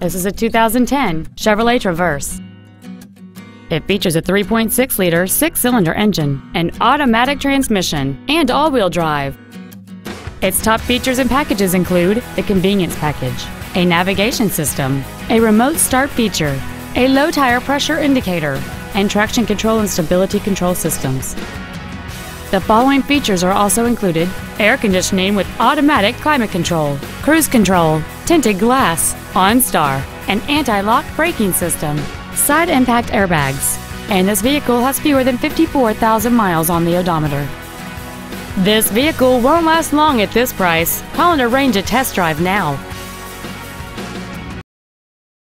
This is a 2010 Chevrolet Traverse. It features a 3.6-liter six-cylinder engine, an automatic transmission, and all-wheel drive. Its top features and packages include the convenience package, a navigation system, a remote start feature, a low tire pressure indicator, and traction control and stability control systems. The following features are also included air conditioning with automatic climate control, cruise control, tinted glass, OnStar, an anti-lock braking system, side impact airbags, and this vehicle has fewer than 54,000 miles on the odometer. This vehicle won't last long at this price. Call and arrange a test drive now.